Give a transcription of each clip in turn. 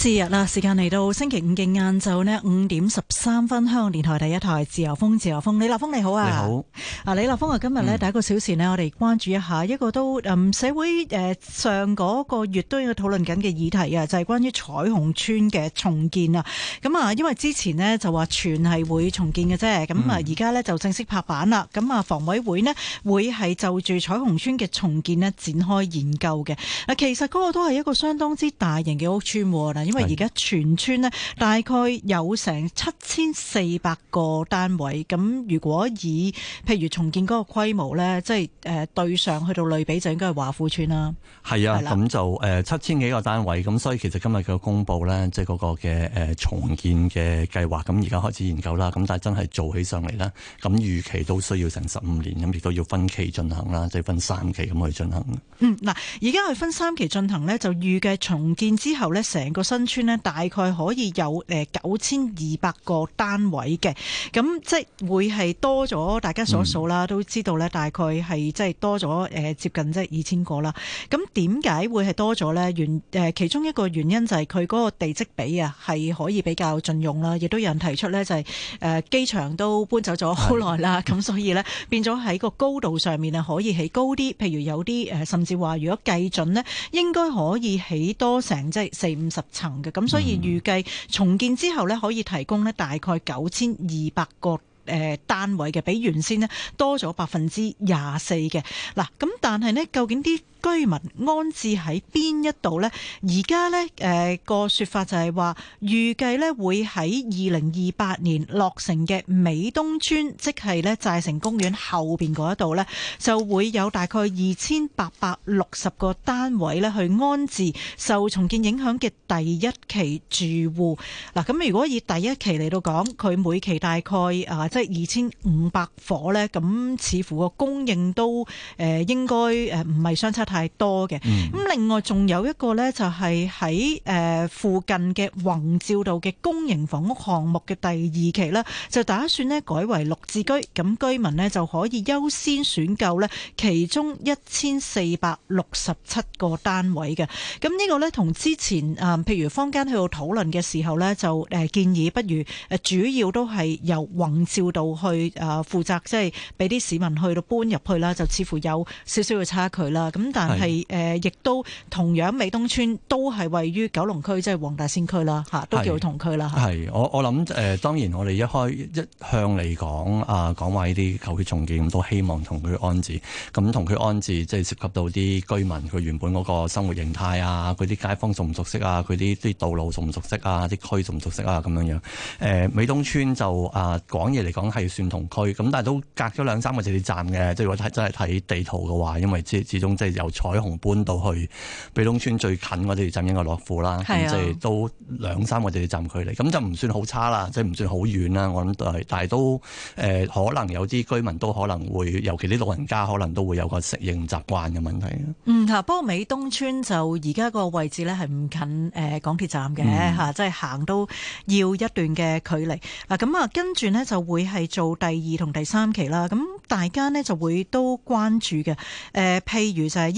是日啦，時間嚟到星期五嘅晏晝咧，五點十三分香，香港電台第一台，自由風，自由風，李立峰你好啊。你好。啊，李立峰啊，今日咧、嗯、第一個小時咧，我哋關注一下一個都、嗯、社會誒上嗰個月都有討論緊嘅議題啊，就係、是、關於彩虹邨嘅重建啊。咁啊，因為之前呢就話全係會重建嘅啫，咁啊而家、嗯、呢就正式拍板啦。咁啊，房委會呢會係就住彩虹邨嘅重建呢展開研究嘅。嗱，其實嗰個都係一個相當之大型嘅屋邨啦、啊。因為而家全村咧，大概有成七千四百個單位。咁如果以譬如重建嗰個規模呢，即係誒對上去到類比，就應該係華富村啦。係啊的，咁的就誒七千幾個單位。咁所以其實今日佢個公佈呢，即係嗰個嘅誒重建嘅計劃，咁而家開始研究啦。咁但係真係做起上嚟啦，咁預期都需要成十五年，咁亦都要分期進行啦，即係分三期咁去進行。嗯，嗱，而家佢分三期進行呢，就預計重建之後呢，成個新。新村呢大概可以有誒九千二百個單位嘅，咁即係會係多咗。大家所數啦，都知道咧，大概係即係多咗誒、呃、接近即係二千個啦。咁點解會係多咗咧？原誒其中一個原因就係佢嗰個地積比啊，係可以比較盡用啦。亦都有人提出咧、就是，就係誒機場都搬走咗好耐啦，咁是的 所以咧變咗喺個高度上面啊，可以起高啲。譬如有啲誒甚至話如果計準咧，應該可以起多成即係四五十。層嘅，咁，嗯、所以預計重建之後咧，可以提供咧大概九千二百個誒、呃、單位嘅，比原先咧多咗百分之廿四嘅。嗱，咁但係呢，究竟啲居民安置喺邊一度呢？而家呢誒、呃、個説法就係話預計呢會喺二零二八年落成嘅美東邨，即係呢寨城公園後邊一度呢，就會有大概二千八百六十個單位呢去安置受重建影響嘅第一期住戶。嗱、啊，咁如果以第一期嚟到講，佢每期大概啊，即係二千五百伙呢，咁似乎個供應都誒應該誒唔係相差。太多嘅，咁、嗯、另外仲有一個呢，就係喺誒附近嘅宏照道嘅公營房屋項目嘅第二期啦，就打算呢改為綠置居，咁居民呢就可以優先選購呢其中一千四百六十七個單位嘅。咁、這、呢個呢同之前誒譬如坊間去到討論嘅時候呢，就誒建議不如誒主要都係由宏照道去誒負責，即係俾啲市民去到搬入去啦，就似乎有少少嘅差距啦。咁但係誒，亦、呃、都同樣美東村都係位於九龍區，即係黃大仙區啦，嚇，都叫同區啦。係我我諗誒、呃，當然我哋一開一向嚟講啊，講話呢啲舊邨重建，都希望同佢安置。咁、嗯、同佢安置即係涉及到啲居民佢原本嗰個生活形態啊，佢啲街坊熟唔熟悉啊，佢啲啲道路熟唔熟悉啊，啲區熟唔熟悉啊咁樣樣。誒美東村就啊講嘢嚟講係算同區，咁但係都隔咗兩三個地鐵站嘅，即係如果睇真係睇地圖嘅話，因為始終即係有。彩虹搬到去美東邨最近，我哋站一個落戶啦，咁即係都兩三個地鐵站距離，咁就唔算好差啦，即係唔算好遠啦。我諗都係，但係都誒，可能有啲居民都可能會，尤其啲老人家，可能都會有個適應習慣嘅問題嗯，吓、啊，不過美東邨就而家個位置咧係唔近誒、呃、港鐵站嘅吓、嗯啊，即係行都要一段嘅距離嗱。咁啊，啊，跟住呢就會係做第二同第三期啦。咁、啊、大家呢就會都關注嘅誒、啊，譬如就係、是。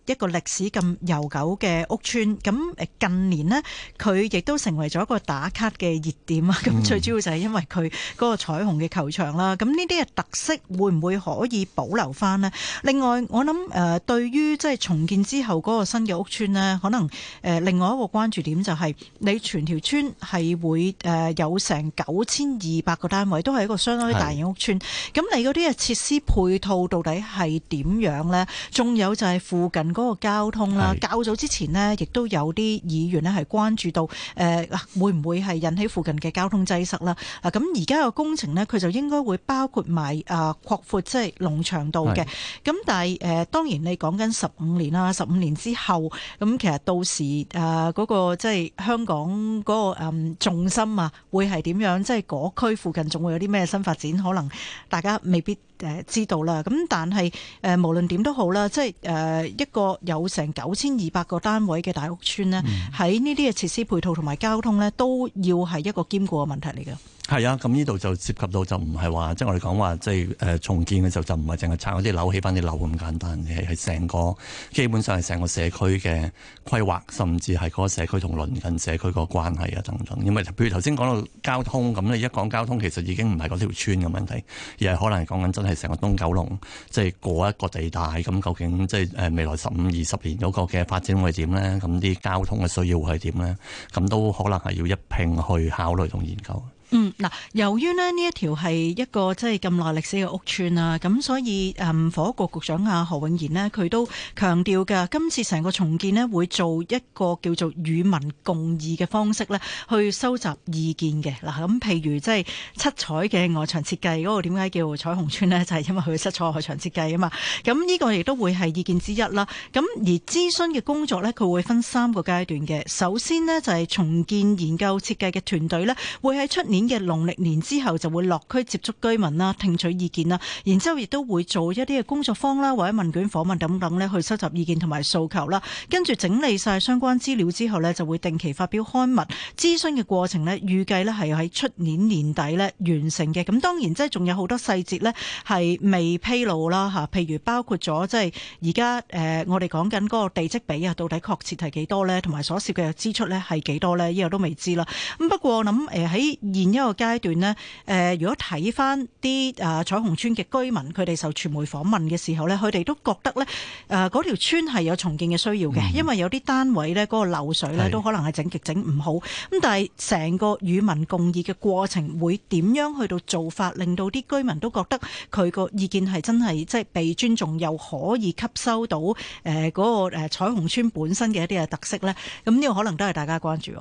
一個歷史咁悠久嘅屋邨，咁誒近年呢，佢亦都成為咗一個打卡嘅熱點啊！咁最主要就係因為佢嗰個彩虹嘅球場啦。咁呢啲嘅特色會唔會可以保留返呢？另外，我諗誒、呃，對於即係重建之後嗰個新嘅屋邨呢，可能誒、呃、另外一個關注點就係、是、你全條村係會誒有成九千二百個單位，都係一個相當大型屋邨。咁是的 你嗰啲嘅設施配套到底係點樣呢？仲有就係附近。嗰個交通啦，較早之前呢，亦都有啲議員呢係關注到，誒、呃，會唔會係引起附近嘅交通擠塞啦？啊，咁而家個工程呢，佢就應該會包括埋啊擴闊即係龍翔道嘅。咁是但係誒、呃，當然你講緊十五年啦，十五年之後，咁其實到時誒嗰、呃那個即係、就是、香港嗰、那個、嗯、重心啊，會係點樣？即係嗰區附近仲會有啲咩新發展？可能大家未必。誒知道啦，咁但係誒、呃、無論點都好啦，即係誒、呃、一個有成九千二百個單位嘅大屋邨呢，喺呢啲嘅設施配套同埋交通呢，都要係一個兼顧嘅問題嚟嘅。係啊，咁呢度就涉及到就唔係話，即係我哋講話，即係誒、呃、重建嘅時候就唔係淨係拆嗰啲樓起翻啲樓咁簡單嘅，係成個基本上係成個社區嘅規劃，甚至係嗰個社區同鄰近社區個關係啊等等。因為譬如頭先講到交通咁，你一講交通其實已經唔係嗰條村嘅問題，而係可能講緊真係成個東九龍即係、就是、一個地帶咁，究竟即係誒未來十五二十年嗰個嘅發展會係點咧？咁啲交通嘅需要會係點咧？咁都可能係要一拼去考慮同研究。嗯，嗱，由於咧呢一條係一個即係咁耐歷史嘅屋邨啊，咁、嗯、所以房屋局局長啊何永賢咧，佢都強調噶今次成個重建咧會做一個叫做與民共議嘅方式咧，去收集意見嘅嗱。咁、嗯、譬如即係七彩嘅外牆設計嗰個點解叫彩虹邨咧，就係、是、因為佢嘅七彩外牆設計啊嘛。咁、嗯、呢、這個亦都會係意見之一啦。咁、嗯、而諮詢嘅工作咧，佢會分三個階段嘅。首先咧就係、是、重建研究設計嘅團隊咧，會喺出年。嘅農曆年之後就會落區接觸居民啦，聽取意見啦，然之後亦都會做一啲嘅工作坊啦，或者問卷訪問等等呢，去收集意見同埋訴求啦，跟住整理晒相關資料之後呢，就會定期發表刊物。諮詢嘅過程呢，預計呢係喺出年年底呢完成嘅。咁當然即係仲有好多細節呢係未披露啦吓，譬如包括咗即係而家誒，我哋講緊嗰個地積比啊，到底確切係幾多呢？同埋所涉嘅支出呢係幾多呢？呢個都未知啦。咁不過諗誒喺現一個階段呢，誒、呃，如果睇翻啲誒彩虹村嘅居民，佢哋受傳媒訪問嘅時候呢，佢哋都覺得呢誒，嗰條村係有重建嘅需要嘅，嗯、因為有啲單位呢，嗰個漏水呢都可能係整極整唔好。咁是但係成個與民共議嘅過程會點樣去到做法，令到啲居民都覺得佢個意見係真係即係被尊重，又可以吸收到誒嗰個彩虹村本身嘅一啲嘅特色呢。咁呢個可能都係大家關注。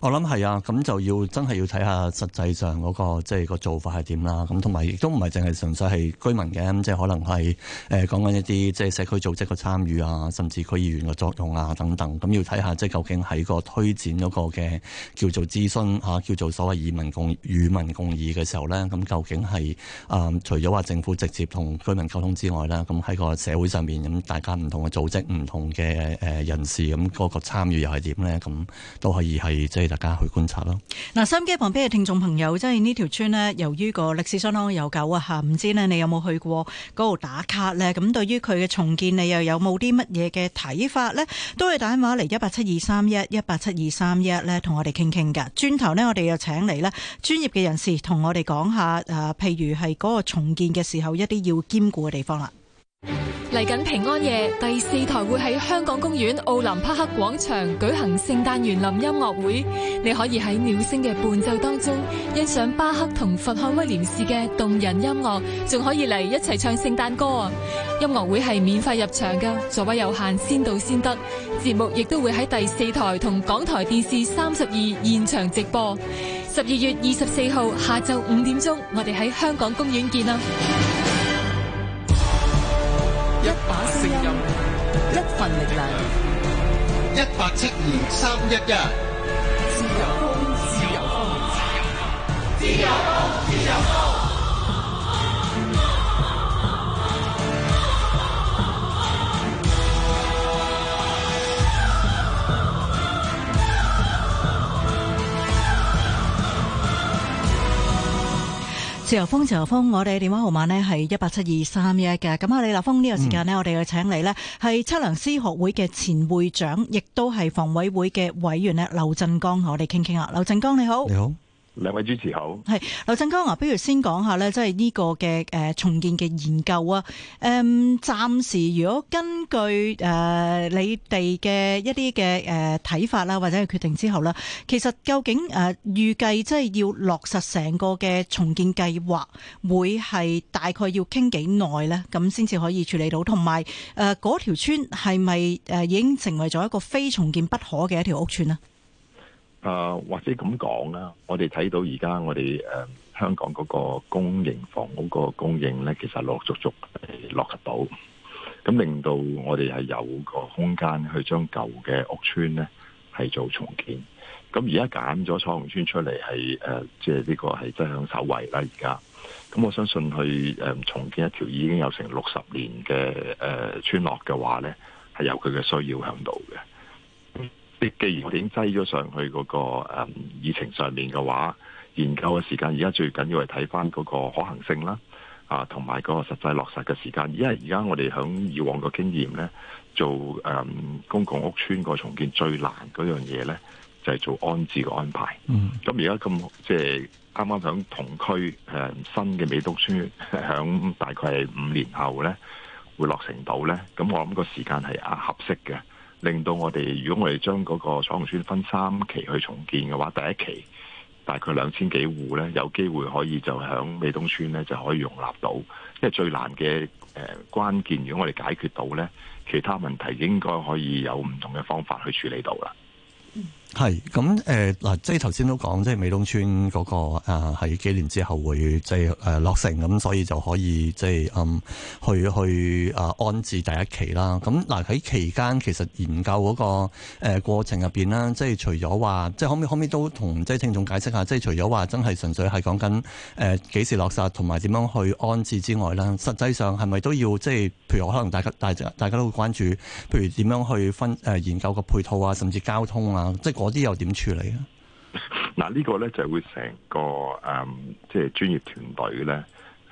我諗係啊，咁就真要真係要睇下實。世上嗰個即係個做法係點啦？咁同埋亦都唔係淨係純粹係居民嘅，即係可能係誒講緊一啲即係社區組織嘅參與啊，甚至區議員嘅作用啊等等。咁要睇下即係究竟喺個推展嗰個嘅叫做諮詢吓，叫做所謂與民共與民共議嘅時候咧，咁究竟係啊？除咗話政府直接同居民溝通之外啦，咁喺個社會上面咁大家唔同嘅組織、唔同嘅誒人士咁嗰、嗰個參與又係點咧？咁都可以係即係大家去觀察咯。嗱，收音機旁邊嘅聽眾。朋友，即係呢條村呢，由於個歷史相當悠久啊吓，唔知呢你有冇去過嗰度打卡呢？咁對於佢嘅重建，你又有冇啲乜嘢嘅睇法呢？都係打翻電話嚟，一八七二三一一八七二三一呢，同我哋傾傾噶。轉頭呢，我哋又請嚟呢專業嘅人士同我哋講下誒，譬如係嗰個重建嘅時候一啲要兼顧嘅地方啦。嚟緊平安夜，第四台會喺香港公園奧林匹克廣場舉行聖誕園林音樂會。你可以喺鳥聲嘅伴奏當中欣賞巴克同佛漢威廉士嘅動人音樂，仲可以嚟一齊唱聖誕歌啊！音樂會係免費入場㗎，座位有限，先到先得。節目亦都會喺第四台同港台電視三十二現場直播。十二月二十四號下晝五點鐘，我哋喺香港公園見啦！份力量，一八七二三一一。自由風，自由風，我哋電話號碼咧，係一八七二三一嘅。咁啊，李立峰呢個時間呢，我哋要請嚟呢係測量師學會嘅前會長，亦都係房委會嘅委員呢，劉振江我哋傾傾啊，劉振江你好。你好。你好兩位主持好，係劉振江啊，不如先講下咧，即係呢個嘅誒、呃、重建嘅研究啊。誒，暫時如果根據誒、呃、你哋嘅一啲嘅誒睇法啦、啊，或者係決定之後啦、啊，其實究竟誒、呃、預計即係要落實成個嘅重建計劃，會係大概要傾幾耐咧？咁先至可以處理到，同埋誒嗰條村係咪誒已經成為咗一個非重建不可嘅一條屋村啊？啊、呃，或者咁講啦，我哋睇到而家我哋誒、呃、香港嗰個公營房屋嗰、嗰個供應咧，其實下落足足係落得到，咁令到我哋係有個空間去將舊嘅屋邨咧係做重建。咁而家揀咗彩虹邨出嚟係誒，即係呢個係真係響首位啦。而家咁我相信去誒、呃、重建一條已經有成六十年嘅誒、呃、村落嘅話咧，係有佢嘅需要響度嘅。既然我已經擠咗上去嗰、那個、嗯、議程上面嘅話，研究嘅時間而家最緊要係睇翻嗰個可行性啦，啊，同埋嗰個實際落實嘅時間。因為而家我哋響以往個經驗咧，做誒、嗯、公共屋邨個重建最難嗰樣嘢咧，就係、是、做安置嘅安排。嗯，咁而家咁即係啱啱響同區誒、嗯、新嘅美都村響，大概係五年後咧會落成到咧，咁我諗個時間係啊合適嘅。令到我哋，如果我哋將嗰個彩虹邨分三期去重建嘅話，第一期大概兩千幾戶咧，有機會可以就響美東村咧就可以容納到。即係最難嘅誒、呃、關鍵，如果我哋解決到咧，其他問題應該可以有唔同嘅方法去處理到啦。係咁誒嗱，即係頭先都講，即係美東村嗰個誒，喺幾年之後會即係誒落成，咁所以就可以即係嗯去去誒安置第一期啦。咁嗱喺期間，其實研究嗰個誒過程入邊啦，即係除咗話，即係可唔可可都同即係聽眾解釋下，即係除咗話真係純粹係講緊誒幾時落實同埋點樣去安置之外啦，實際上係咪都要即係，譬如我可能大家大家大家都會關注，譬如點樣去分誒研究個配套啊，甚至交通啊，即嗰啲又點處理啊？嗱，呢個咧就會成個誒，即係專業團隊咧，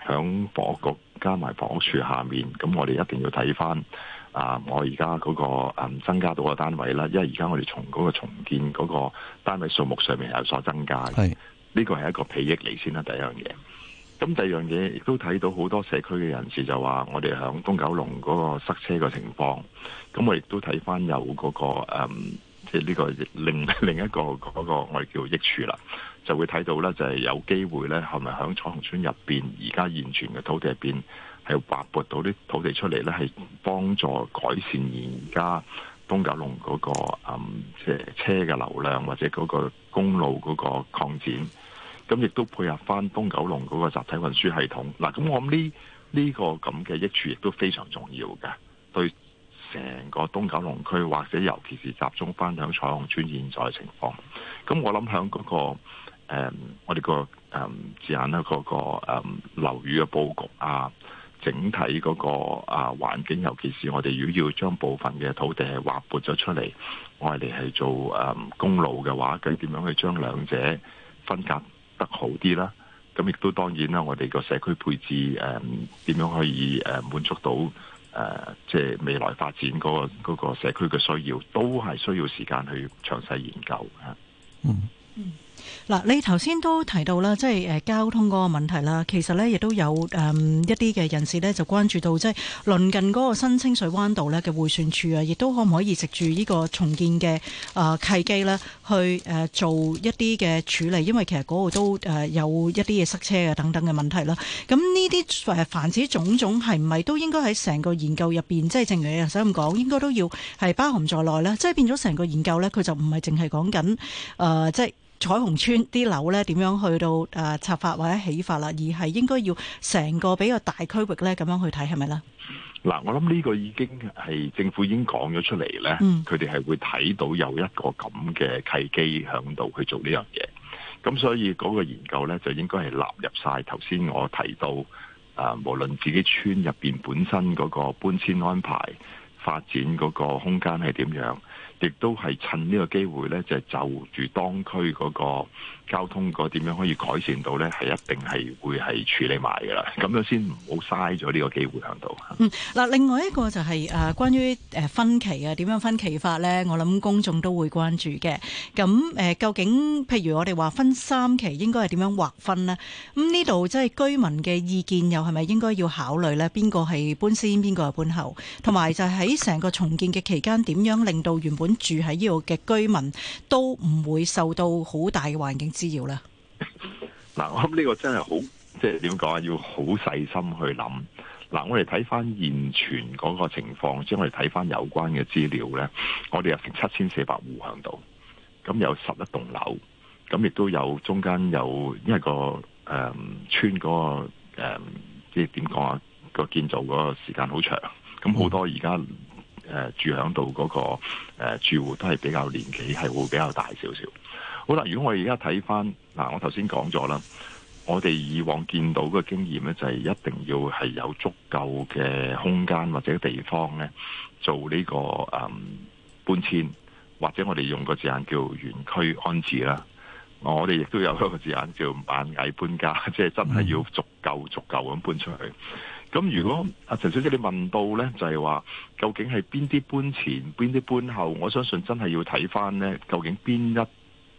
響房屋局加埋房屋署下面，咁我哋一定要睇翻啊！我而家嗰個、嗯、增加到嘅單位啦，因為而家我哋從嗰個重建嗰個單位數目上面有所增加嘅，呢是個係一個裨益嚟先啦。第一樣嘢，咁第二樣嘢亦都睇到好多社區嘅人士就話，我哋響東九龍嗰個塞車嘅情況，咁我亦都睇翻有嗰、嗰個、嗯即係呢個另另一個嗰個我哋叫益處啦，就會睇到咧就係有機會咧係咪喺彩虹邨入邊而家現存嘅土地入邊係劃撥到啲土地出嚟咧，係幫助改善而家東九龍嗰個嗯，即係車嘅流量或者嗰個公路嗰個擴展，咁亦都配合翻東九龍嗰個集體運輸系統。嗱，咁我諗呢呢個咁嘅益處亦都非常重要嘅，對。成個東九龍區，或者尤其是集中翻響彩虹邨現在情況，咁我諗響嗰個、嗯、我哋、嗰個誒、嗯、字眼啦、嗰個，嗰個誒樓宇嘅佈局啊，整體嗰、嗰個啊環境，尤其是我哋如果要將部分嘅土地係劃撥咗出嚟，我哋係做誒公路嘅話，咁點樣去將兩者分隔得好啲啦？咁亦都當然啦，我哋個社區配置誒點、嗯、樣可以誒、嗯、滿足到？誒、呃，即係未來發展嗰、嗰個嗰、嗰個社區嘅需要，都係需要時間去詳細研究嚇。嗯嗯。嗱，你頭先都提到啦，即係誒交通嗰個問題啦。其實呢，亦都有誒一啲嘅人士呢，就關注到即係鄰近嗰個新清水灣道呢嘅迴旋處啊，亦都可唔可以藉住呢個重建嘅誒、呃、契機呢，去、呃、誒做一啲嘅處理？因為其實嗰度都誒有一啲嘢塞車啊，等等嘅問題啦。咁呢啲誒，凡此種種係唔係都應該喺成個研究入邊，即係正如你頭先咁講，應該都要係包含在內咧？即係變咗成個研究呢，佢就唔係淨係講緊誒，即係。彩虹邨啲樓咧，點樣去到誒拆法或者起法啦？而係應該要成個比較大區域咧咁樣去睇，係咪咧？嗱，我諗呢個已經係政府已經講咗出嚟咧，佢哋係會睇到有一個咁嘅契機響度去做呢樣嘢。咁所以嗰個研究咧，就應該係納入晒頭先我提到誒、啊，無論自己村入邊本身嗰個搬遷安排、發展嗰個空間係點樣。亦都係趁呢個機會咧，就就住當區嗰個，交通個點樣可以改善到呢？係一定係會係處理埋㗎喇，咁樣先唔好嘥咗呢個機會響度。嗯，嗱，另外一個就係、是、誒、呃、關於誒分期啊，點樣分期法呢？我諗公眾都會關注嘅。咁、嗯、誒、呃，究竟譬如我哋話分三期，應該係點樣劃分呢？咁呢度即係居民嘅意見又係咪應該要考慮呢？邊個係搬先，邊個係搬後？同埋就喺成個重建嘅期間，點樣令到原本住喺呢度嘅居民都唔會受到好大嘅環境？資料啦，嗱、啊，我諗呢個真係好，即係點講啊？要好細心去諗。嗱，我哋睇翻現存嗰個情況，即係我哋睇翻有關嘅資料咧，我哋有成七千四百戶喺度，咁有十一棟樓，咁亦都有中間有因為、個誒、呃、村嗰、個誒、呃，即係點講啊？個建造嗰個時間好長，咁好多而家誒住喺度嗰個誒、呃、住戶都係比較年紀係會比較大少少。好啦，如果我而家睇翻嗱，我頭先講咗啦，我哋以往見到嘅經驗咧，就係一定要係有足夠嘅空間或者地方咧，做呢、這個誒、嗯、搬遷，或者我哋用個字眼叫原區安置啦。我哋亦都有一個字眼叫螞蟻搬家，即係真係要足夠足夠咁搬出去。咁如果阿陳、啊、小姐你問到咧，就係、是、話究竟係邊啲搬前邊啲搬後，我相信真係要睇翻咧，究竟邊一？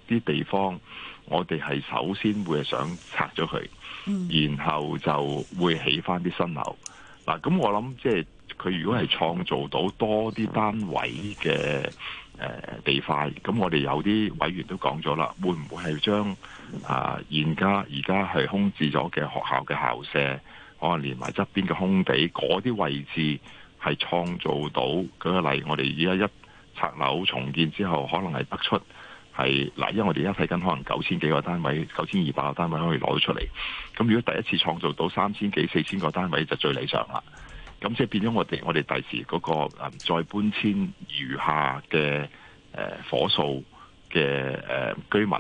啲地方，我哋係首先會係想拆咗佢，嗯，然後就會起翻啲新樓。嗱，咁我諗即係佢如果係創造到多啲單位嘅誒、呃、地塊，咁我哋有啲委員都講咗啦，會唔會係將啊、呃、現家而家係空置咗嘅學校嘅校舍，可能連埋側邊嘅空地嗰啲位置係創造到舉個例？我哋而家一拆樓重建之後可能係得出。係嗱，因為我哋而家睇緊，可能九千幾個單位，九千二百個單位可以攞到出嚟。咁如果第一次創造到三千幾、四千個單位，就最理想啦。咁即係變咗我哋，我哋第時嗰個誒再搬遷餘下嘅誒、呃、伙數嘅誒、呃、居民，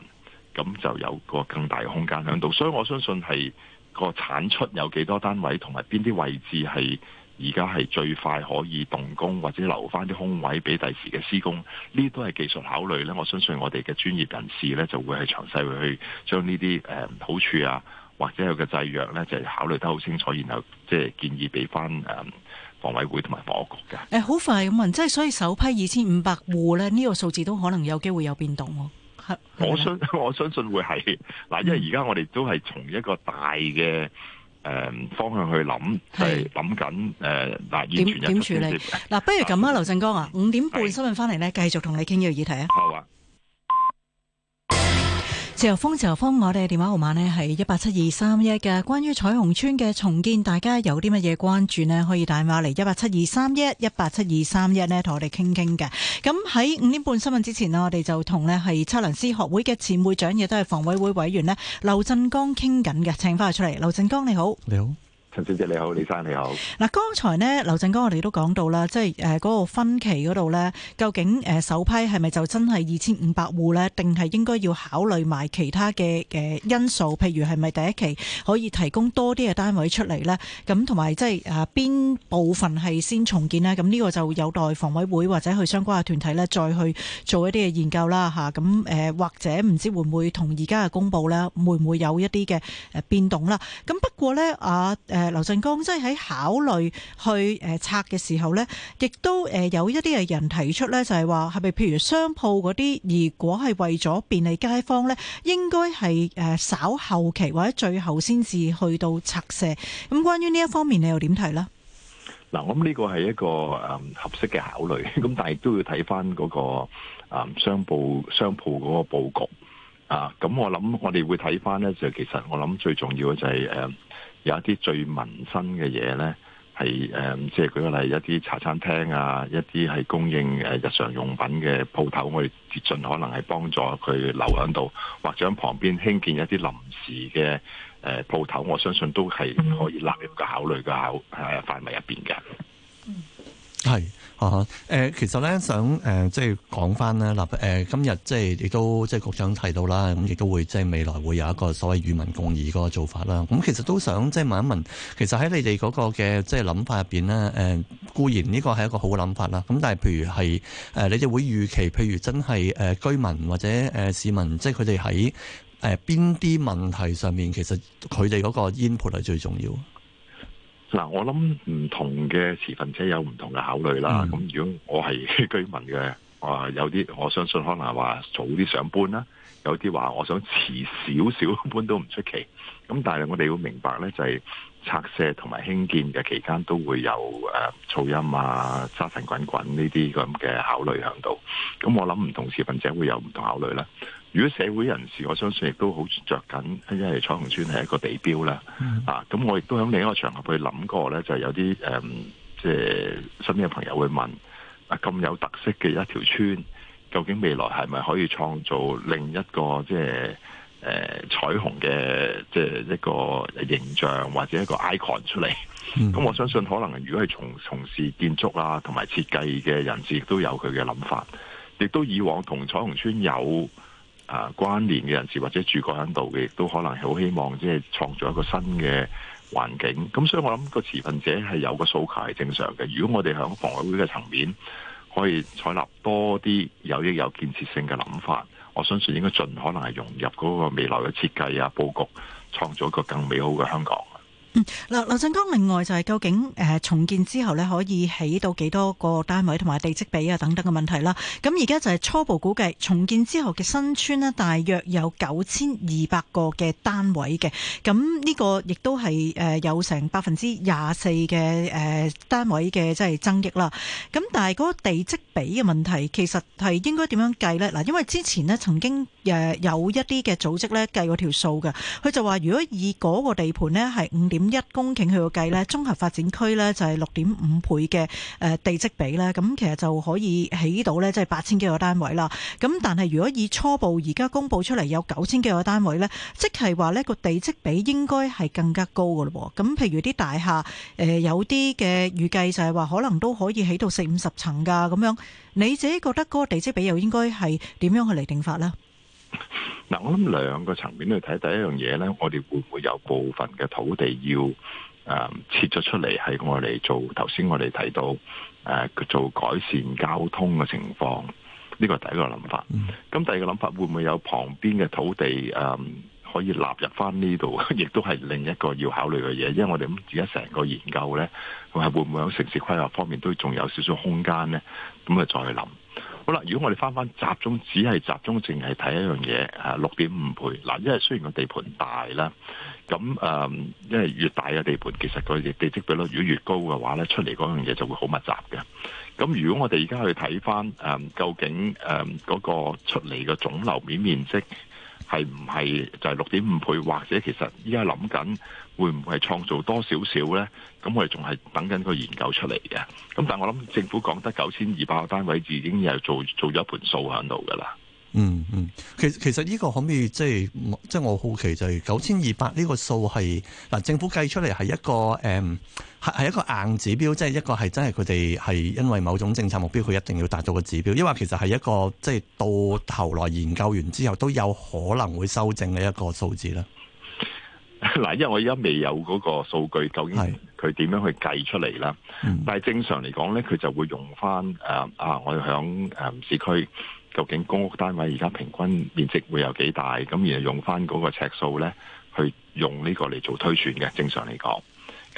咁就有個更大嘅空間喺度。所以我相信係個產出有幾多單位，同埋邊啲位置係。而家係最快可以動工或者留翻啲空位俾第時嘅施工，呢啲都係技術考慮咧。我相信我哋嘅專業人士咧就會係詳細去將呢啲誒好處啊，或者有嘅制約呢，就係、是、考慮得好清楚，然後即係建議畀翻誒房委會同埋房屋局嘅。誒、欸，好快咁問，即係所以首批二千五百戶呢，呢、這個數字都可能有機會有變動。我相我相信會係嗱，因為而家我哋都係從一個大嘅。誒、嗯，方向去諗係諗緊誒，嗱是，點點、呃、處理？嗱、 啊，不如咁啊，劉振江啊，五點半新聞翻嚟咧，繼續同你傾呢個議題啊。好啊。自由風，自由風，我哋嘅電話號碼呢係一八七二三一嘅。關於彩虹村嘅重建，大家有啲乜嘢關注呢？可以打電話嚟一八七二三一，一八七二三一呢，同我哋傾傾嘅。咁喺五點半新聞之前呢，我哋就同呢係測量師學會嘅前會長，亦都係房委會委員呢，劉振江傾緊嘅，請翻佢出嚟。劉振江你好，你好。你好謝謝你好，李生你好。嗱，剛才呢，劉振江我哋都講到啦，即係誒個分期嗰度呢，究竟誒首批係咪就真係二千五百戶呢？定係應該要考慮埋其他嘅誒因素，譬如係咪第一期可以提供多啲嘅單位出嚟呢？咁同埋即係啊，邊部分係先重建呢？咁呢個就有待房委會或者去相關嘅團體呢，再去做一啲嘅研究啦，吓、啊，咁誒或者唔知會唔會同而家嘅公布呢，會唔會有一啲嘅誒變動啦？咁不過呢。啊誒。劉振江即係喺考慮去誒拆嘅時候呢，亦都誒有一啲嘅人提出呢，就係話係咪譬如商鋪嗰啲，如果係為咗便利街坊呢，應該係誒稍後期或者最後先至去到拆卸。咁關於呢一方面，你又點睇呢？嗱，我諗呢個係一個誒合適嘅考慮，咁但係都要睇翻嗰個誒商鋪商鋪嗰個布局啊。咁我諗我哋會睇翻呢，就其實我諗最重要嘅就係誒。有一啲最民生嘅嘢呢，係誒、呃，即係舉個例，一啲茶餐廳啊，一啲係供應日常用品嘅鋪頭，我哋盡可能係幫助佢留喺度，或者喺旁邊興建一啲臨時嘅誒、呃、鋪頭，我相信都係可以納入考慮嘅個範圍入邊嘅。嗯、啊，啊哈、哦！其實咧想誒、呃，即係講翻咧，嗱、呃、誒，今日即係亦都即係局長提到啦，咁亦都會即係未來會有一個所謂與民共議個做法啦。咁其實都想即係問一問，其實喺你哋嗰個嘅即係諗法入邊咧，誒、呃、固然呢個係一個好諗法啦。咁但係譬如係誒、呃，你哋會預期，譬如真係誒居民或者誒市民，即係佢哋喺誒邊啲問題上面，其實佢哋嗰個 input 係最重要。嗱，我諗唔同嘅持份者有唔同嘅考慮啦。咁、嗯、如果我係居民嘅，啊有啲我相信可能話早啲上班啦，有啲話我想遲少少搬都唔出奇。咁但係我哋要明白呢，就係拆卸同埋興建嘅期間都會有誒、呃、噪音啊、沙塵滾滾呢啲咁嘅考慮喺度。咁我諗唔同持份者會有唔同考慮啦。如果社會人士我相信亦都好着緊，因為彩虹邨係一個地標啦。Mm. 啊，咁我亦都喺另一個場合去諗過呢就係、是、有啲誒、嗯，即係身邊嘅朋友會問：啊，咁有特色嘅一條村，究竟未來係咪可以創造另一個即係誒、呃、彩虹嘅即係一個形象或者一個 icon 出嚟？咁、mm. 我相信可能如果係從從事建築啊同埋設計嘅人士亦都有佢嘅諗法，亦都以往同彩虹邨有。啊，關聯嘅人士或者住過響度嘅，亦都可能係好希望即係創造一個新嘅環境。咁所以我諗個持份者係有個訴求係正常嘅。如果我哋響房委會嘅層面可以採納多啲有益有建設性嘅諗法，我相信應該盡可能係融入嗰個未來嘅設計啊佈局，創造一個更美好嘅香港。嗯，嗱，劉振江，另外就係究竟誒重建之後咧，可以起到幾多個單位同埋地積比啊等等嘅問題啦。咁而家就係初步估計，重建之後嘅新村咧，大約有九千二百個嘅單位嘅。咁呢個亦都係誒有成百分之廿四嘅誒單位嘅即係增益啦。咁但係個地積比嘅問題，其實係應該點樣計咧？嗱，因為之前咧曾經誒有一啲嘅組織咧計過條數嘅，佢就話如果以嗰個地盤咧係五點。五一公頃去計咧，綜合發展區咧就係六點五倍嘅誒地積比咧，咁其實就可以起到咧即係八千幾個單位啦。咁但係如果以初步而家公佈出嚟有九千幾個單位咧，即係話咧個地積比應該係更加高噶咯。咁譬如啲大廈誒有啲嘅預計就係話可能都可以起到四五十層噶咁樣，你自己覺得嗰個地積比又應該係點樣去嚟定法咧？嗱，我諗兩個層面去睇，第一樣嘢咧，我哋會唔會有部分嘅土地要誒，設、呃、咗出嚟，係我哋做。頭先我哋提到誒、呃，做改善交通嘅情況，呢個係第一個諗法。咁、嗯、第二個諗法，會唔會有旁邊嘅土地誒、呃，可以納入翻呢度，亦都係另一個要考慮嘅嘢。因為我哋諗而家成個研究咧，同埋會唔會喺城市規劃方面都仲有少少空間咧？咁啊，再去諗。好啦，如果我哋翻翻集中，只係集中淨係睇一樣嘢，啊六點五倍嗱，因為雖然個地盤大啦，咁誒、嗯，因為越大嘅地盤，其實個地積比率如果越高嘅話咧，出嚟嗰樣嘢就會好密集嘅。咁如果我哋而家去睇翻誒，究竟誒嗰、嗯嗰個出嚟嘅總樓面面積，係唔係就係六點五倍，或者其實依家諗緊會唔會係創造多少少咧？咁我哋仲係等緊佢研究出嚟嘅。咁但係我諗政府講得九千二百個單位，字，已經又做做咗一盤數喺度噶啦。嗯嗯，其實其實呢個可唔可以即係即係我好奇就係九千二百呢個數係嗱，政府計出嚟係一個誒。嗯係一個硬指標，即、就、係、是、一個係真係佢哋係因為某種政策目標，佢一定要達到個指標。因為其實係一個即係、就是、到頭來研究完之後都有可能會修正嘅一個數字啦。嗱，因為我而家未有嗰個數據，究竟係佢點樣去計出嚟啦？是但係正常嚟講咧，佢就會用翻誒啊，我哋響誒市區究竟公屋單位而家平均面積會有幾大？咁然後用翻嗰個尺數咧，去用呢個嚟做推算嘅。正常嚟講。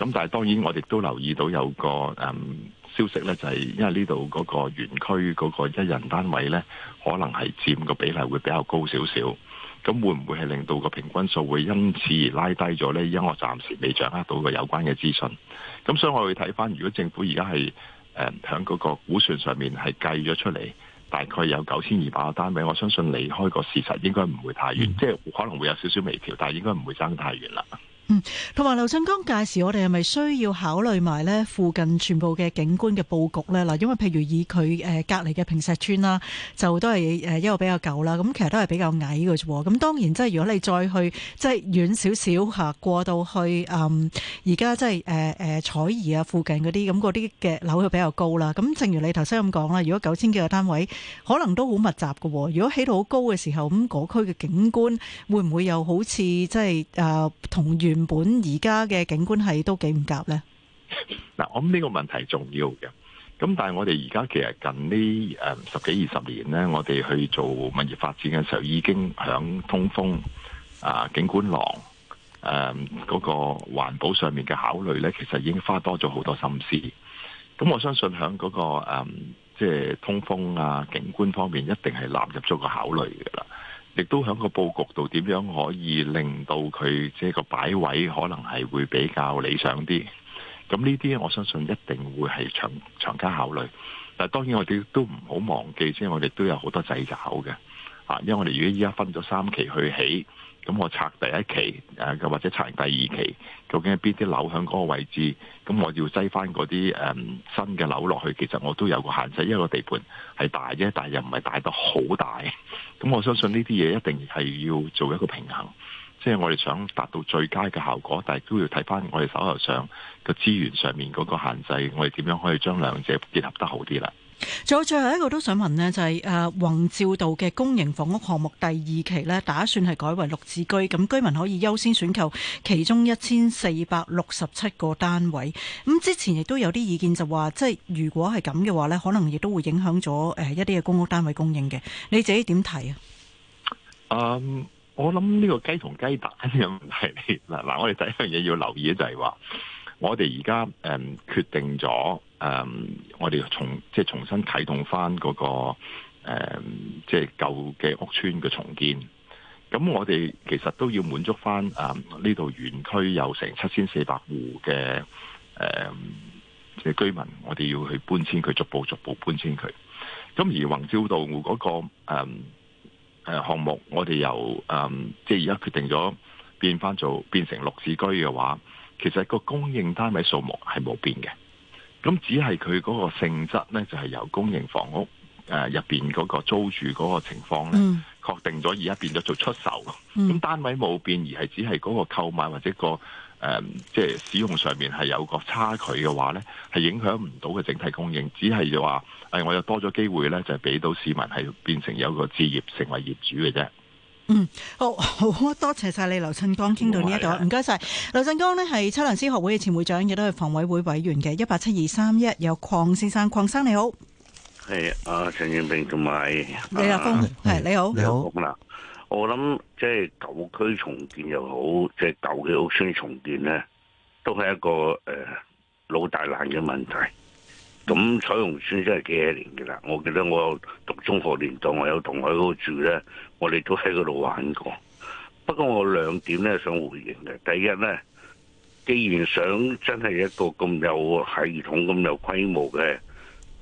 咁但係當然，我哋都留意到有個誒、嗯、消息咧，就係、是、因為呢度嗰個園區嗰個一人單位咧，可能係佔個比例會比較高少少。咁會唔會係令到個平均數會因此而拉低咗咧？因為我暫時未掌握到個有關嘅資訊，咁所以我會睇翻，如果政府而家係誒喺個估算上面係計咗出嚟，大概有九千二百個單位，我相信離開個事實應該唔會太遠，嗯、即係可能會有少少微調，但係應該唔會爭得太遠啦。嗯，同埋劉振江介紹，我哋係咪需要考慮埋咧附近全部嘅景觀嘅佈局咧？嗱，因為譬如以佢誒隔籬嘅平石村啦，就都係誒一個比較舊啦，咁其實都係比較矮嘅啫。咁當然，即係如果你再去即係遠少少吓，過到去嗯而家即係誒誒彩怡啊附近啲咁嗰啲嘅樓，佢比較高啦。咁正如你頭先咁講啦，如果九千幾個單位，可能都好密集嘅。如果起到好高嘅時候，咁嗰區嘅景觀會唔會又好似即係誒同原本而家嘅景觀係都幾唔夾呢？嗱，我諗呢個問題重要嘅。咁但係我哋而家其實近呢誒十幾二十年呢，我哋去做物業發展嘅時候，已經響通風啊、景觀廊誒嗰個環保上面嘅考慮呢，其實已經花多咗好多心思。咁我相信響嗰、那個誒、啊、即係通風啊景觀方面，一定係納入咗個考慮嘅啦。亦都響個佈局度點樣可以令到佢，即係個擺位可能係會比較理想啲。咁呢啲我相信一定會係長長加考慮。但係當然我哋都唔好忘記，即係我哋都有好多掣搞嘅嚇。因為我哋如果依家分咗三期去起。咁我拆第一期，誒，或者拆第二期，究竟係邊啲樓喺嗰個位置？咁我要擠翻嗰啲誒新嘅樓落去，其實我都有個限制，因為個地盤係大啫，但係又唔係大得好大。咁我相信呢啲嘢一定係要做一個平衡，即係我哋想達到最佳嘅效果，但係都要睇翻我哋手頭上嘅資源上面嗰個限制，我哋點樣可以將兩者結合得好啲啦。仲有最後一個都想問呢，就係誒宏照道嘅公營房屋項目第二期呢，打算係改為綠置居，咁居民可以優先選購其中一千四百六十七個單位。咁之前亦都有啲意見就話，即係如果係咁嘅話呢，可能亦都會影響咗誒一啲嘅公屋單位供應嘅。你自己點睇啊？嗯，um, 我諗呢個雞同雞蛋嘅問題，嗱嗱，我哋第一樣嘢要留意就係話，我哋而家誒決定咗。誒，um, 我哋重即係重新啟動翻嗰、那個、嗯、即係舊嘅屋邨嘅重建。咁我哋其實都要滿足翻啊呢度園區有成七千四百戶嘅誒即係居民，我哋要去搬遷佢，逐步逐步搬遷佢。咁而宏照道嗰、那個誒誒項目我，我哋由誒即係而家決定咗變翻做變成綠置居嘅話，其實個供應單位數目係冇變嘅。咁只係佢嗰個性質咧，就係由公營房屋誒入邊嗰個租住嗰個情況咧，確定咗而家變咗做出售。咁、嗯、單位冇變，而係只係嗰個購買或者、嗰個誒即係使用上面係有個差距嘅話咧，係影響唔到嘅整體供應，只係就話誒，我有多咗機會咧，就俾到市民係變成有個置業成為業主嘅啫。嗯，好，好，多謝晒你，劉、這個、的振江傾到呢一度，唔該晒。劉振江咧係測量師學會嘅前會長，亦都係房委會委員嘅，一八七二三一，有鄺先生，鄺生你好。係啊，陳艷平同埋李亞峰，係你好。你好。啊啊、我諗即係舊區重建又好，即係舊嘅屋村重建咧，都係一個誒、呃、老大難嘅問題。咁彩虹邨真係幾多年嘅啦，我記得我讀中學年代，我有同學喺嗰度住咧，我哋都喺嗰度玩過。不過我兩點咧想回應嘅，第一咧，既然想真係一個咁有系統、咁有規模嘅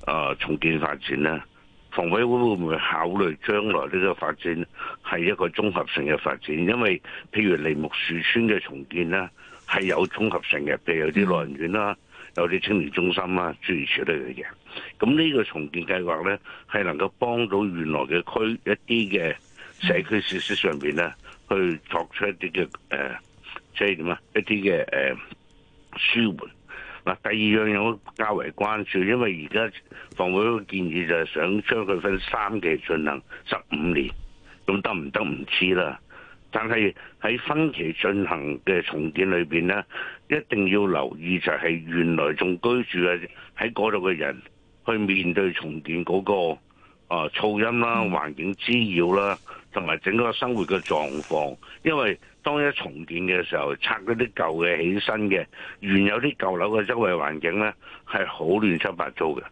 啊、呃、重建發展咧，房委會會唔會考慮將來呢個發展係一個綜合性嘅發展？因為譬如梨木樹村嘅重建咧，係有綜合性嘅，譬如有啲老人院啦。嗯有啲青年中心啦、啊，諸如此類嘅嘢。咁、這、呢個重建計劃咧，係能夠幫到原來嘅區一啲嘅社區設施上邊咧，去作出一啲嘅誒，即係點啊？一啲嘅誒，舒緩。嗱，第二樣嘢我較為關注，因為而家房委會建議就係想將佢分三期進行，十五年，咁得唔得唔知啦。但係喺分期進行嘅重建裏邊咧，一定要留意就係原來仲居住嘅喺嗰度嘅人，去面對重建嗰個啊噪音啦、環境滋擾啦，同埋整個生活嘅狀況。因為當一重建嘅時候，拆嗰啲舊嘅，起身嘅，原有啲舊樓嘅周圍環境咧係好亂七八糟嘅。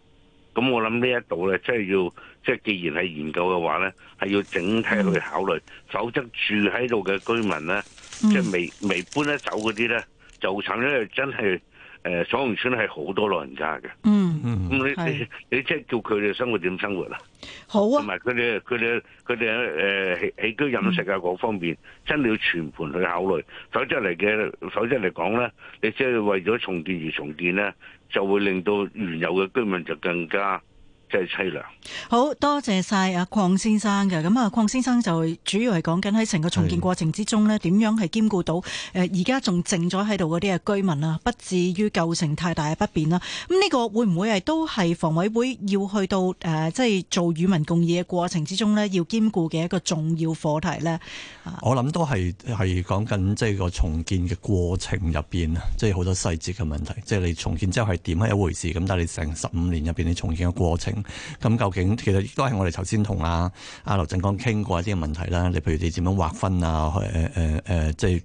咁我諗呢一度咧，即係要即係既然係研究嘅話咧，係要整體去考慮，否則住喺度嘅居民咧，即係未未搬得走嗰啲咧，就慘咧，真係。誒，彩虹、呃、邨係好多老人家嘅、嗯，嗯嗯，咁你是你即係叫佢哋生活點生活啊？好啊，同埋佢哋佢哋佢哋誒起居飲食啊嗰方面，真係要全盤去考慮。否則嚟嘅，否則嚟講咧，你即係為咗重建而重建咧，就會令到原有嘅居民就更加。即係淒涼，好多謝晒阿鄺先生嘅。咁啊，鄺先生就主要係講緊喺成個重建過程之中呢，點樣係兼顧到誒而家仲淨咗喺度嗰啲嘅居民啊，不至於構成太大嘅不便啦。咁、這、呢個會唔會係都係房委會要去到誒，即、呃、係做與民共議嘅過程之中呢，要兼顧嘅一個重要課題呢？我諗都係係講緊即係個重建嘅過程入邊，即係好多細節嘅問題。即、就、係、是、你重建之後係點係一回事，咁但係你成十五年入邊你重建嘅過程。咁究竟，其實都係我哋頭先同阿阿劉振江傾過一啲嘅問題啦。你譬如你點樣劃分啊？誒誒誒即係。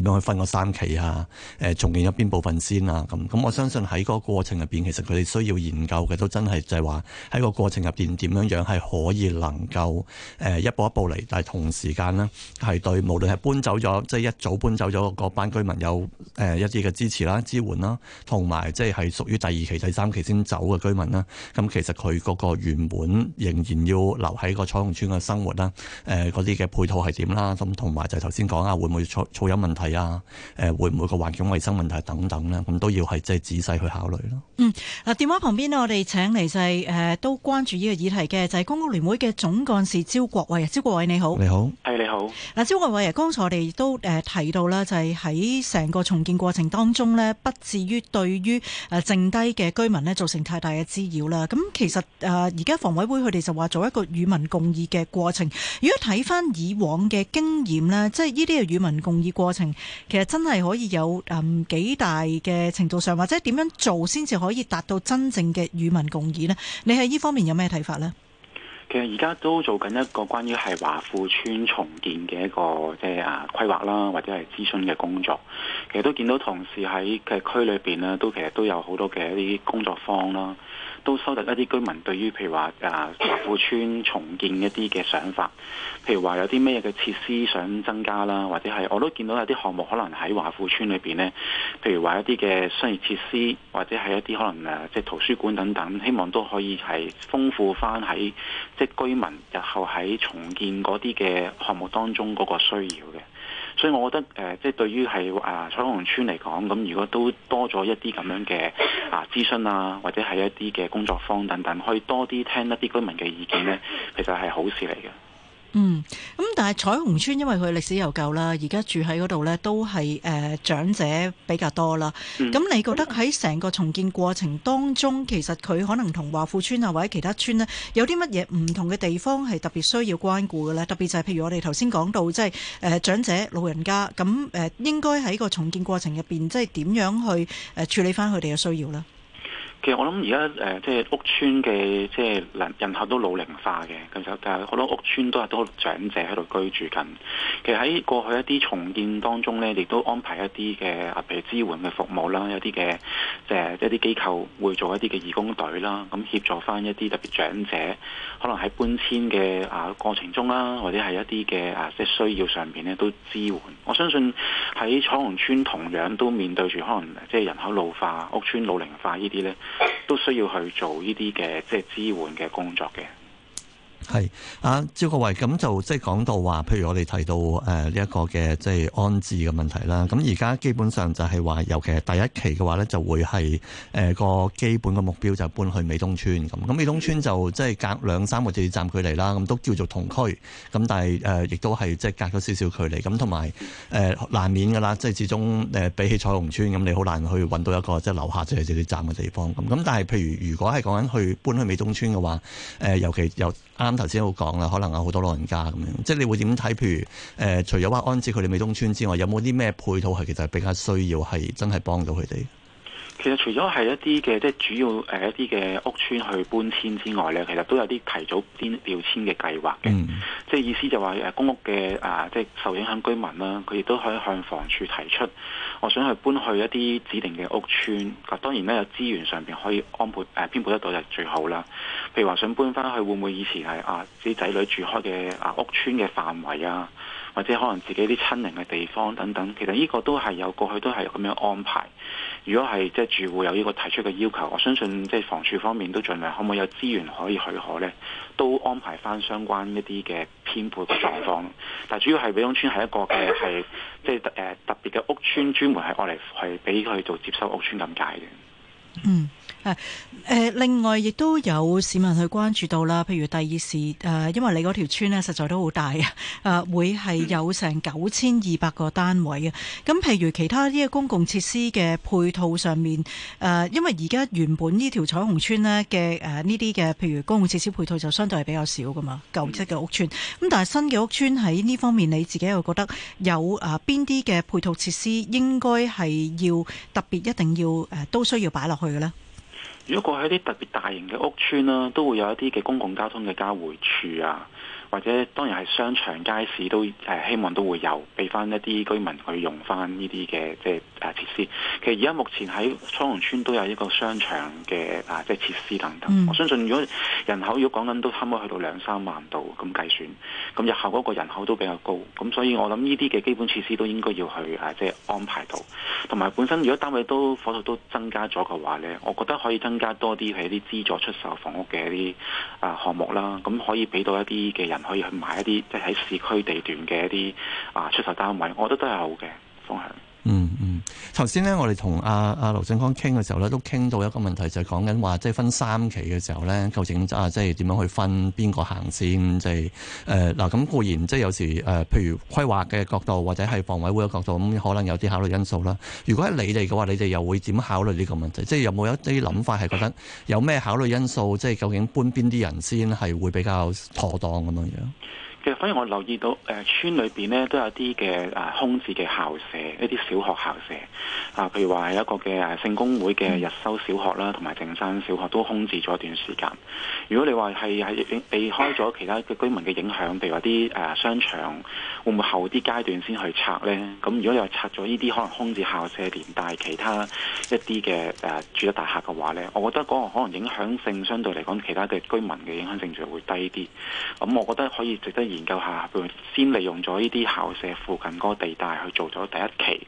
點樣去分個三期啊？誒、呃，重建有邊部分先啊？咁咁，我相信喺個過程入邊，其實佢哋需要研究嘅都真係就係話喺個過程入邊點樣樣係可以能夠誒、呃、一步一步嚟，但係同時間呢，係對無論係搬走咗，即、就、係、是、一早搬走咗嗰班居民有誒、呃、一啲嘅支持啦、支援啦，同埋即係係屬於第二期、第三期先走嘅居民啦。咁其實佢嗰個原本仍然要留喺個彩虹邨嘅生活、啊呃、啦。誒，嗰啲嘅配套係點啦？咁同埋就係頭先講下會唔會噪噪音問題？係啊，誒，會唔會個環境衛生問題等等呢？咁都要係即係仔細去考慮咯。嗯，嗱，電話旁邊呢、就是，我哋請嚟就係誒，都關注呢個議題嘅，就係、是、公屋聯會嘅總幹事招國偉。招國偉你好，你好，係你好。嗱、哎，招國偉，剛才我哋都誒、呃、提到啦，就係喺成個重建過程當中呢，不至於對於誒剩低嘅居民呢，造成太大嘅滋擾啦。咁、嗯、其實誒而家房委會佢哋就話做一個與民共議嘅過程。如果睇翻以往嘅經驗呢，即係呢啲係與民共議過程。其實真係可以有嗯幾大嘅程度上，或者點樣做先至可以達到真正嘅與民共議呢？你喺呢方面有咩睇法呢？其實而家都做緊一個關於係華富邨重建嘅一個即係啊規劃啦，或者係諮詢嘅工作。其實都見到同事喺嘅區裏邊呢，都其實都有好多嘅一啲工作坊啦。都收集一啲居民對於譬如話啊華富村重建一啲嘅想法，譬如話有啲咩嘅設施想增加啦，或者係我都見到有啲項目可能喺華富村裏邊呢，譬如話一啲嘅商業設施或者係一啲可能誒即係圖書館等等，希望都可以係豐富翻喺即居民日後喺重建嗰啲嘅項目當中嗰個需要嘅。所以，我覺得誒、呃，即係對於係啊彩虹邨嚟講，咁如果都多咗一啲咁樣嘅啊、呃、諮詢啊，或者係一啲嘅工作坊等等，可以多啲聽一啲居民嘅意見咧，其實係好事嚟嘅。嗯，咁但係彩虹村因為佢歷史悠久啦，而家住喺嗰度咧都係誒、呃、長者比較多啦。咁、嗯嗯、你覺得喺成個重建過程當中，其實佢可能同華富村啊或者其他村咧有啲乜嘢唔同嘅地方係特別需要關顧嘅咧？特別就係譬如我哋頭先講到即係誒長者老人家咁誒、嗯呃，應該喺個重建過程入邊即係點樣去誒處理翻佢哋嘅需要咧？其實我諗而家誒，即、呃、係、就是、屋村嘅即係人人口都老齡化嘅咁就，但係好多屋村都係多長者喺度居住緊。其實喺過去一啲重建當中咧，亦都安排一啲嘅譬如支援嘅服務啦，一啲嘅即係一啲機構會做一啲嘅義工隊啦，咁協助翻一啲特別長者，可能喺搬遷嘅啊過程中啦，或者係一啲嘅啊即係需要上邊咧都支援。我相信喺彩虹村同樣都面對住可能即係人口老化、屋村老齡化呢啲咧。都需要去做呢啲嘅，即係支援嘅工作嘅。係，阿招、啊、國偉咁就即係講到話，譬如我哋提到誒呢一個嘅即係安置嘅問題啦。咁而家基本上就係話，尤其係第一期嘅話咧，就會係誒個基本嘅目標就係搬去美東村咁。咁美東村就即係隔兩三個地鐵站距離啦，咁都叫做同區。咁但係誒、呃、亦都係即係隔咗少少距離。咁同埋誒難免㗎啦，即係始終誒、呃、比起彩虹村咁，你好難去揾到一個即係樓下即係地鐵站嘅地方。咁咁但係譬如如果係講緊去搬去美東村嘅話，誒、呃、尤其有。啱啱頭先好講啦，可能有好多老人家咁樣，即係你會點睇？譬如誒、呃，除咗話安置佢哋美東村之外，有冇啲咩配套係其實比較需要係真係幫到佢哋？其實除咗係一啲嘅即係主要誒一啲嘅屋村去搬遷之外咧，其實都有啲提早啲調遷嘅計劃嘅，嗯、即係意思就話誒公屋嘅啊即係受影響居民啦，佢亦都可以向房署提出。我想去搬去一啲指定嘅屋邨，咁當然咧，有資源上面可以安配誒編配得到就最好啦。譬如話想搬返去，會唔會以前係啊啲仔女住開嘅啊屋邨嘅範圍啊？或者可能自己啲親人嘅地方等等，其實呢個都係有過去都係咁樣安排。如果係即係住戶有呢個提出嘅要求，我相信即係房署方面都盡量可唔可以有資源可以許可咧，都安排翻相關一啲嘅編配嘅狀況。但係主要係永康村係一個嘅係即係誒特別嘅屋村，專門係愛嚟，係俾佢做接收屋村咁解嘅。嗯，係、啊、誒另外亦都有市民去關注到啦，譬如第二時誒、啊、因為你條村咧實在都好大啊，誒會係有成九千二百個單位啊。咁譬如其他啲嘅公共設施嘅配套上面，誒、啊、因為而家原本呢條彩虹村咧嘅誒呢啲嘅、啊、譬如公共設施配套就相對係比較少噶嘛，舊式嘅屋邨。咁但係新嘅屋邨喺呢方面，你自己又覺得有啊邊啲嘅配套設施應該係要特別一定要誒、啊、都需要擺落去？如果過去一啲特別大型嘅屋邨啦，都會有一啲嘅公共交通嘅交匯處啊。或者當然係商場街市，都誒希望都會有俾翻一啲居民去用翻呢啲嘅即係誒設施。其實而家目前喺彩虹邨都有一個商場嘅啊即係設施等等。嗯、我相信如果人口如果講緊都差唔多去到兩三萬度咁計算，咁日後嗰個人口都比較高，咁所以我諗呢啲嘅基本設施都應該要去誒即係安排到。同埋本身如果單位都房數都增加咗嘅話咧，我覺得可以增加多啲係一啲資助出售房屋嘅一啲啊項目啦。咁可以俾到一啲嘅人。可以去買一啲即係喺市區地段嘅一啲啊出售單位，我覺得都係好嘅方向。嗯嗯，頭先咧，我哋同阿阿劉振江傾嘅時候咧，都傾到一個問題，就係講緊話，即係分三期嘅時候咧，究竟啊，即係點樣去分邊個行先？即係誒嗱，咁、呃、固然即係有時誒、呃，譬如規劃嘅角度或者係房委會嘅角度，咁可能有啲考慮因素啦。如果係你哋嘅話，你哋又會點考慮呢個問題？即係有冇一啲諗法係覺得有咩考慮因素？即係究竟搬邊啲人先係會比較妥當咁樣？反而我留意到，誒、呃、村裏邊咧都有啲嘅誒空置嘅校舍，一啲小學校舍啊，譬如話係一個嘅誒聖公會嘅日修小學啦，同埋靜山小學都空置咗一段時間。如果你話係係避開咗其他嘅居民嘅影響，譬如話啲誒商場會唔會後啲階段先去拆咧？咁如果你話拆咗呢啲可能空置校舍連帶其他一啲嘅誒住宅大廈嘅話咧，我覺得個可能影響性相對嚟講其他嘅居民嘅影響性就會低啲。咁、啊、我覺得可以值得研究。研究下，如先利用咗呢啲校舍附近嗰個地帶去做咗第一期，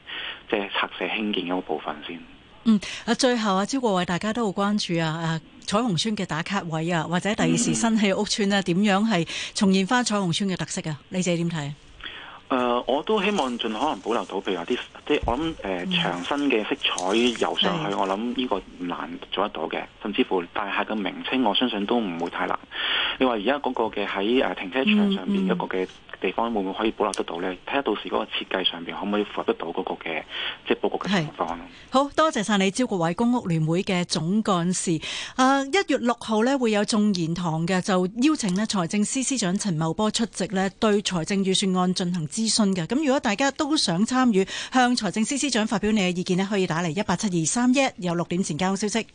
即係拆卸興建嗰個部分先。嗯，啊，最後啊，招國偉，大家都好關注啊，啊，彩虹村嘅打卡位啊，或者第二時新起屋邨啊，點樣係重現翻彩虹村嘅特色啊？你自己點睇？誒、呃，我都希望盡可能保留到，譬如話啲，即係我諗誒、呃、牆身嘅色彩油上去，嗯、我諗呢個難做得到嘅。甚至乎大廈嘅名稱，我相信都唔會太難。你話而家嗰個嘅喺誒停車場上面，一個嘅地方，嗯嗯、會唔會可以保留得到呢？睇下到時嗰個設計上面可唔可以符合得到嗰個嘅即係佈局嘅情況咯。好多謝晒你，招國偉公屋聯會嘅總幹事。誒、呃，一月六號呢，會有眾言堂嘅，就邀請咧財政司司長陳茂波出席呢對財政預算案進行諮詢嘅咁，如果大家都想參與，向財政司司長發表你嘅意見咧，可以打嚟一八七二三一，有六點前交通消息。